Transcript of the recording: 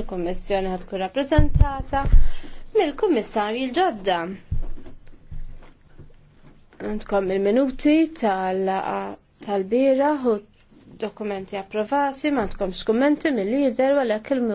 il-Kommissjoni ħad tkun rappreżentata mill-Kummissarji l-ġodda. Għandkom il-minuti tal-bira u dokumenti approvati, ma għandkomx kummenti mill-lider u l il